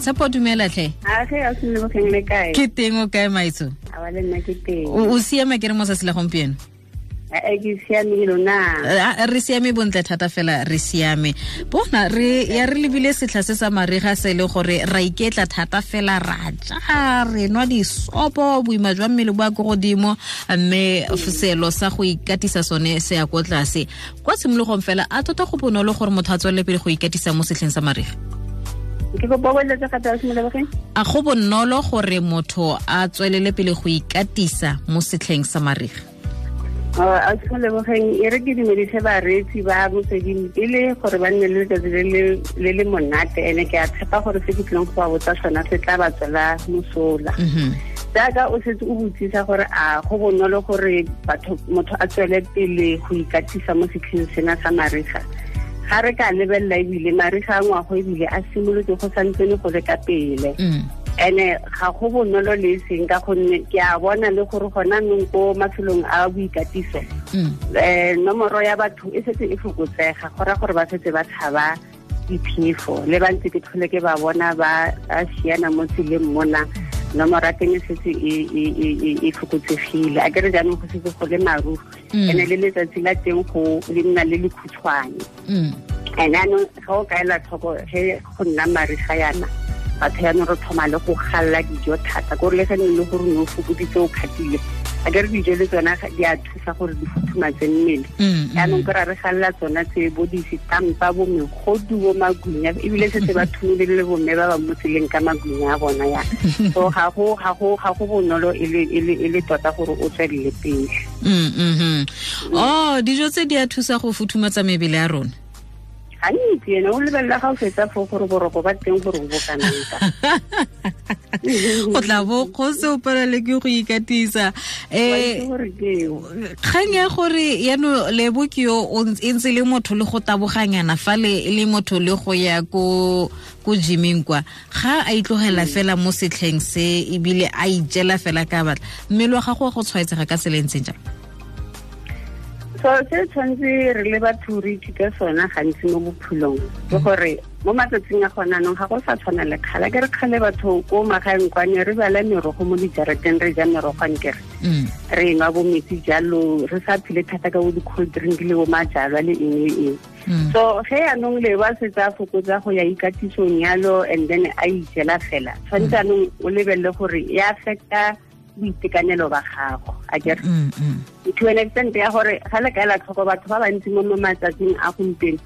tshepo dumelatlhe ke teng o kae maitso o siame ke re mo sasela gompieno e, eh, re siame bontle thata fela re siame bona re ya re lebile setlha se sa mariga se le gore ra iketla thata fela ra ja re nwa disopo boima jwa mmele bo a ko godimo mme selo sa go ikatisa sone se ya ko tlase kwa tshimologong fela a tota go bonolo gore motho a tswelele pele go ikatisa mo setlheng sa mariga a go bonolo gore motho a tswelele pele go ikatisa mo setlheng sa mariga a tsholebogeng e re ke dumedise bareetsi ba mosedin pele gore ba nne le letsatsi le le monate ene ke a tshepa gore se ke tlileng go ba botsa sona se tla ba tswela mosola mhm. jaaka o setse o botsisa gore a go bonolo gore motho a tswele pele go ikatisa mo setlheng sena sa mariga ga re ka lebelela ebile mariga a ngwago ebile a simolotse go santsene go le ka pele ene ga go bonolo le seng ka gonne ke a bona le gore gona nong ko mafelong a boikatiso um nomoro ya batho e setse e fokotsega go raya gore ba setse ba tshaba diphefo le ba ntse ke tlhole ke ba bona ba siana mo tseleng mona mm. nomorapeng e setse e, e, e fokotsegile a kere jaanong go setse go le maruru and-e mm. le letsatsi la teng go le nna le lekhutshwane mm. and anong ga o kaela tlhoko ge go nna mariga yana batho yaanong re thoma le go galela dijo thata kore le ge nne le gore ne o fokoditse o kgatile a ke dijo le tsona di a thusa gore di futhumatse mmele yaanong mm, mm. ke ra re galela tsona tse bo disetampa bo megodu bo magunya ebile se se ba thumile le bomme ba ba mo tseleng ka magunya a bona ya so ga go bonolo e, e, e le tota gore o tswelele pele mm, mm-hmm. o oh, dijo tse di a thusa go futhumatsa mebele ya rona gantsi ene o lebelela ga o fetsa fo gore boroko ba teng gore o bokanang ka tla bo go se operele ke go ikatisa um kgang ya gore yano lebo ke yo e ntse le motho le go taboganyana fa le e motho le go ya ko ko jimeng kwa ga a itlogela mm. fela mo setlheng se ebile a ijela fela ka batla mmele wa gago wa go tshwaetsega ka sele ntseng jang so se tshwanetse re le batho re ithute sona gantsi mo bophulong ke mhm. gore mo matsatsing a gona anong ga go sa tshwana le kgala ke re kgale batho ko magaeng kwane re bala merogo mo dijarateng re ja merogo kere mm. re nwa bo metsi jalo re sa phile thata ka bo di-cold drink le bo majalwa le eng le eng mm. so ge anong le ba setse a fokotsa go ya ikatisong yalo and then a ijela e fela tshwanetse mm. anong o lebelele gore e affecta boitekanelo ba gago a kere to an extent ya gore ga lekaela tlhoko batho ba bantsi mo matsatsing a gompieno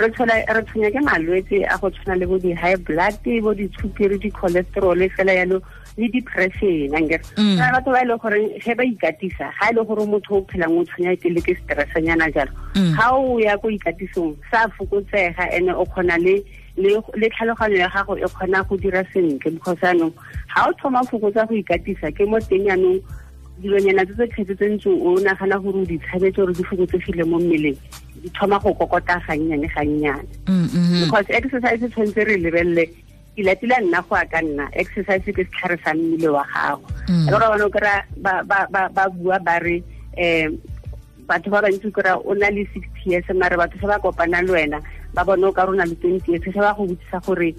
re tshwenya ke malwetse a go tshwana le bo di-high blood bo ditshukiri di-cholesterole fela yalo le depression ankere ga batho ba e leng gore ge ba ikatisa ga e le gore motho o phelang o tshwenya ke le ke stressanyana jalo ga o ya ko ikatisong sa fokotsega ande o kgona le mm. le tlhaloganyo ya gago e kgona go dira sentle because anong ga o thoma fokotsa go ikatisa ke mo teng yanong dilonyana tse tse tlhetse tse ntse o nagana gore o di tshabetse gore di fokotsegile mo mmeleng di thoma go kokota gannyane gannyane mm, mm-hmm. because exercise tshwanetse re lebelele lati nna go a ka nna exercise ke setlhare sa mmele wa gago le mm. gore bone o kry-a ba bua ba re um batho ba bantsi o kry-a o na le sixty years mare batho se ba kopana le wena ba bone o ka rona le twenty years se ba go botsisa gore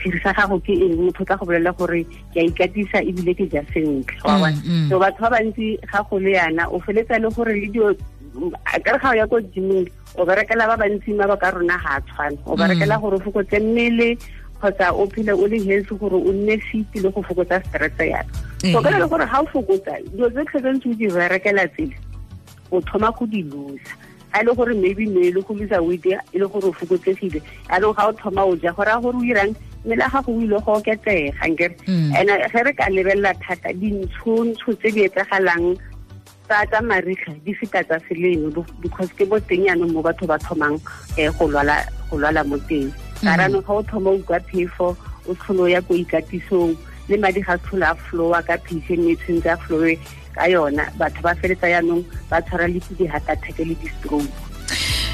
sephiri sa gago ke eng motho tla go bolelela gore ke a ikatisa ebile ke ja sentle mm, mm. so batho ba bantsi ga go le yana o feletsa e le gore le dio ka re ga o ya ko gymeng o berekela ba bantsi mabaka ka rona ga a tshwana o mm. berekela gore o fokotse mmele kgotsa o phele o le healthy gore o nne fit le go fokotsa stresse yalo so ka le gore ga o fokotsa dilo tse tlhetsentse o di berekela tsele o thoma go di losa a le gore maybe ne le go lisa weight e le gore o fokotsegile anong ga o thoma o ja go raya gore o irang mmele gago o ile go oketsega nkere mm. and ge re ka lebelela thata dintshontsho tse di etsagalang tsa mariga di feta tsa selemo because ke bo teng yanong mo batho ba thomang um go lwala mo teng ka mm. ranong ga o thoma o utlwa phefo o tlholo ya ko ikatisong le madi ga tlhola a flowa ka phise mme tshwentse a flowe ka yona batho ba feletsa yaanong ba tshwara le ke di-heart le di-stroke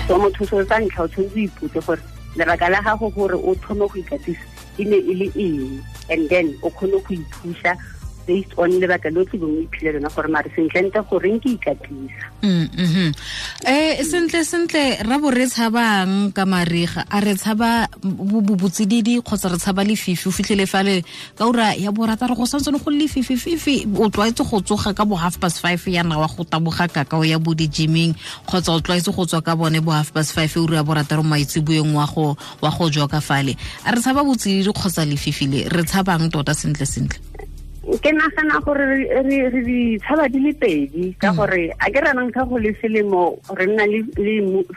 so motho so sa ntlha o tshwanetse o ipotse gore lebaka la gago gore o thome go ikatisa e ne e le eng and then o kgone go ithusa based on lebaka lotlhe bongwe iphile lona gore maare sentlentle goreng ke ikatisa um sentle sentle ra bo re tshabang ka mariga a re tshaba bobotsididi kgotsa re tshaba lefifi o fitlhele fale ka ura ya borata re go santsene go le lefifififi o tlwaetse go tsoga ka bo half past five yana wa go taboga kakao ya bo di-gyming kgotsa o tlwaetse go tswa ka bone bo half past five o ura borata re maitseboeng wa go jwa ka fale a re tshaba botsididi kgotsa lefifi le re tshabang tota sentle sentle ke nagana gore re ditšhaba di le pedi ka mm. gore a ke ranang ka go le selemo re nna le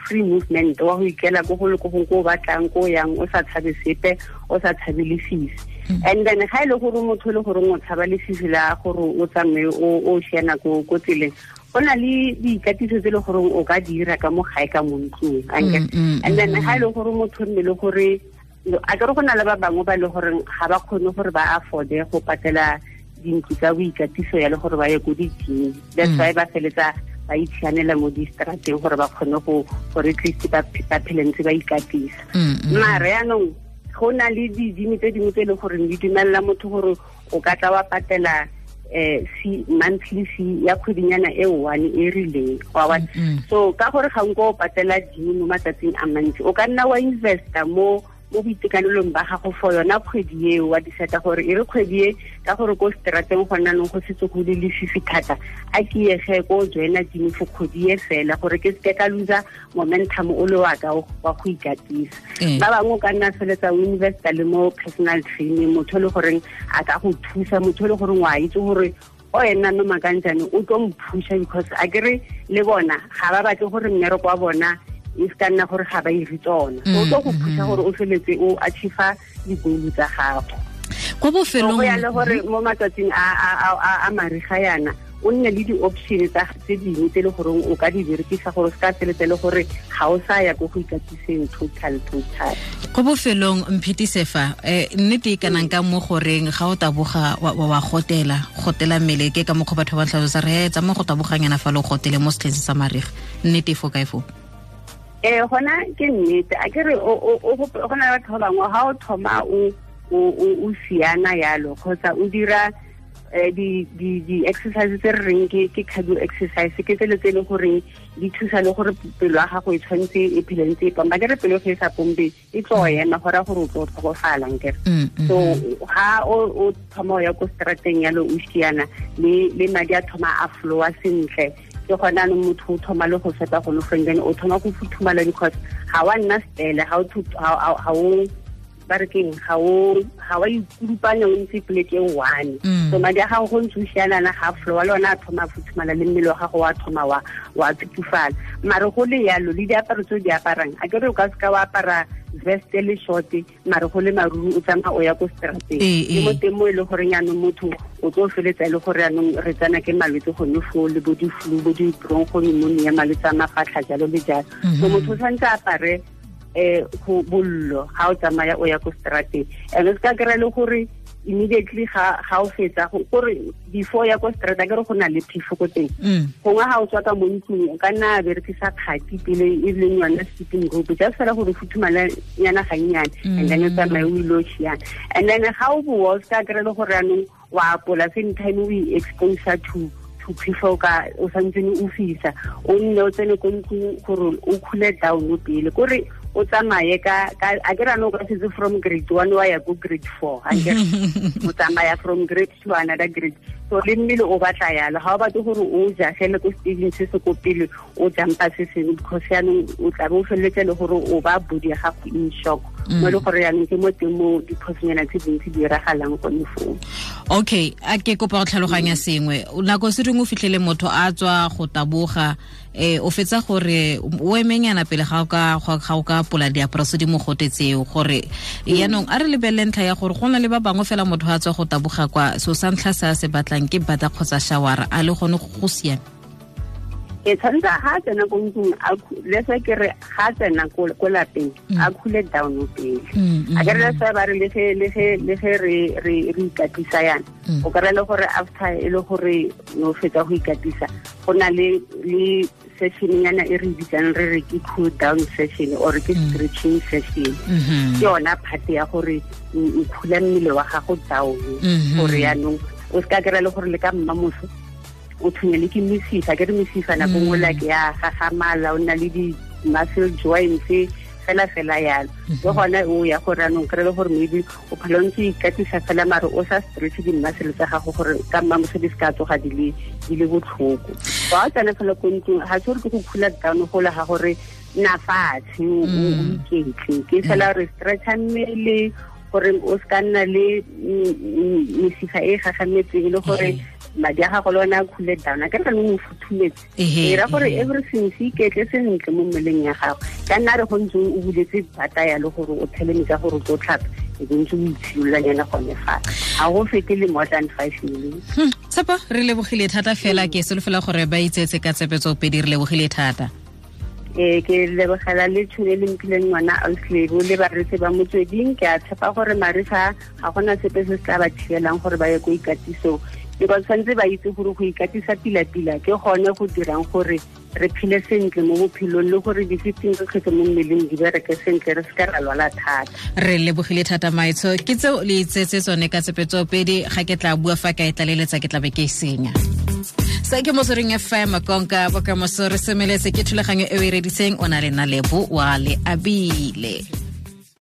free movement wa go ikela ko go le ko gong ko o batlang ko o yang o sa tshabe sepe o sa tshabe le fisi mm. and then ga e le gore motho le gore o tshaba le fisi la gore o tsamaye o shiana ko tseleng go na le dikatiso tse e le gore o ka dira ka mo gae ka mo ntlong mm, and then ga e le gore motho nne le gore a ke re go na le ba bangwe ba e le gore ga ba kgone gore ba afforde go patela dintlo tsa boikatiso ya le gore ba ye ko di-gym that's why mm. ba feletsa ba itshianela mo di-strateng gore ba kgone go gore at ba phelentse ba ikatisa mmaare mm. yaanong go na le di-gym tse dingwe tse e leng gore di dumelela motho gore o ka tla wa patela um eh, si monthly fee ya kgwedinyana e one e rileng mm, so ka gore ga nko o patela gym mo matsatsing a mantsi o ka nna wa investa mo mo boitekanelong ba gago fo yona kgwedi eo wa decide gore e re kgwedi e ka gore ko strateng go nna nong go setse go le lefifi thata a ke yege ko joina team for kgwedi e fela gore ke seke ka lusa momentum o le wa ka wa go ikatisa ee. ba bangwe o ka nna feletsa o investa le mo personal training motho e le goreng a ka go thusa motho e le goreng wa itse gore o ena no makantjane o tlo mphusha because a kere le bona ga ba batle gore mmereko wa bona e se ka nna gore ga ba iri tsona mm, o tlo go phusa mm, gore mm. o feletse o achieve di tsa gago kwa bofelong go ya le gore mo matsatsing a mariga yana o nne le di-option tse dingwe tse le goreng o ka di berekisa gore se ka feletse le gore ga o sa ya ko go ikatiseng total total go bofelong mphetisefa um eh, nnete e kanang ka mo goreng ga o taboga wa gotela gotela mmele ke ka mokgwa batho ba tlhalosa re e mo go tabogang taboganyana fa le o gotele mo setlheng sa mariga nnete fo kae foo eh gona ke nnete a kere go na le batho ba bangwe ga o thoma o siana yalo kgotsa o dira eh, di-exercise tse re reng ke cardio exercise ke tsele tse e leng gore di thusa le gore pelo ya gago e tshwanetse e phele ntse e pompa ke re pelo ge e sa pompe e tlo ema go raya gore o tlo tlhokofalang kere mm, mm, so ga mm. o thoma o ya ko strateng yalo o siana le madi a thoma a flowa sentle ke gona no motho o thoma le go feta go lofeng then o thoma go futhumala because ga wa nna stele ga o ba re keng ga wa ikurupanya o ntse poleke e one mm. so madi a gago go ntse o sianana ga flow wa le one a thoma a futhumala le mmele wa gago wa thoma wa tsupufala mare go le yalo le diaparo tse o di aparang a kere o ka seka wa apara vest le shorte mare go le maruru o tsamaya o ya ko strateng eh, ke mo eh. teng mo e le gore yaanong motho o tlo feletsa e le gore yaanong re tsena ke malwetse gone foo le bo di-flu bo di ya malwetse a mafatlha jalo le jalo so mhm. motho o tshwanetse apare um bollo ga o tsamaya o ya ko strateng and se ka kry-a le gore immediately ga ga o fetsa gore before ya kwa strata ke re go na le phefo ko teng mm. gongwe ga o tswa ka mo ntlong o ka nna a berekisa kgati pele e leng yona sleeping group just fela gore futhumala nyana gannyane and then mm. o tsamaye o ile o siana and then ga o boa o seka kry le gore anong wa apola same time o e exposa to to phefo ka o santsene o fisa o nne o tsene ko ntlong gore o khule down pele kore o tsamaye ka a ke rano o ka setse from grade one wa ya ko grade four a o tsamaya from grade two another grade so le mmele o batla yalo ga o batle gore o jagele ko stageng se se ko pele o jumpa se sengwe because yaanong o tlabe o feleletse le gore o ba bodi ya gago in shock mm. mo e le gore yaanong ke mo teng mo diphosonyana tse dintsi di iragalang gone foo okay a ke kopa go tlhaloganya mm. sengwe nako se reng o fitlhele motho a tswa go taboga eh o fetsa gore o emenyana pele ga o ka ga o ka pola diaparo se di mo gore mm. yaanong a re lebelele ntlha ya gore go na le ba bangwe fela motho a tswa go taboga kwa so sa ntlha se a se batlang tlhatswang ke bata kgotsa shawara a le gone go siame e tshwanetse ga a tsena ko ntlong lese ke re ga tsena ko lapeng a khule mm. down pele mm, a kere lese mm, ba re le ge re ikatisa yana o kry le gore after e le gore o fetsa go ikatisa go na le session yana e re e bitsang re re ke cool down session or ke stretching session mm-hmm. ke yona phate ya gore o khula mmele wa gago down mm-hmm. gore yaanong o seka kry-a e le gore le ka mmamoso o tshwenyele ke mesifa ke re mesifa nako ngwe la ke ya gagamala o nna le di-muscle joints fela fela yalo le mhm. gona o ya gore anong kry e le gore maybe o phela ntse ikatisa fela mare o sa stretch di-muscle tsa gago gore ka mmamoso di se seka tsoga di le botlhoko fa o tsena fela ko ntlong ga se gore ke go khula down gole ga gore na fatshe o mhm. iketle ke fela gore stretcha mmele gore o ska nna le mm, mm, mesifa e gagametseng le gore madi a gago le one a coole down a ke re mo futhumetse e gore everything se iketle sentle mo mmeleng ya gago ka nna re go ntse o buletse bata ya le gore o thelemetse gore o tlo tlhapa e bontse o itshimololanyana gone fa ga go fete le more than five million hmm, tshepa re lebogile thata fela ke selo fela gore ba itsetse ka tsepetso pedi re lebogile thata e ke lebogela le tšhono le mphileng ngwana auslebo le baretse ba motsweding ke a tshepa gore marisa ga gona sepe se se tla ba thibelang gore ba ye ko ikatisong because tshwanetse ba itse gore go ikatisa pila-pila ke gone go dirang gore re phile sentle mo bophelong le gore di-fifteen re kgetse mo mmeleng di bereke sentle re se ra lwala thata re lebogile thata maitsho ke tse le itsetse tsone ka tsepetsopedi ga ke tla bua fa ka e tlaleletsa ke tlabe ke e senya sa ke motsweding fm konka bokamoso re semeletse ke thulaganyo e o e rediseng o na le nalebo wa le abile